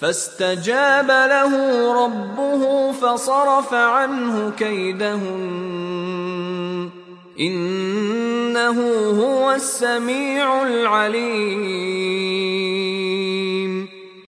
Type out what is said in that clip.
فاستجاب له ربه فصرف عنه كيدهم انه هو السميع العليم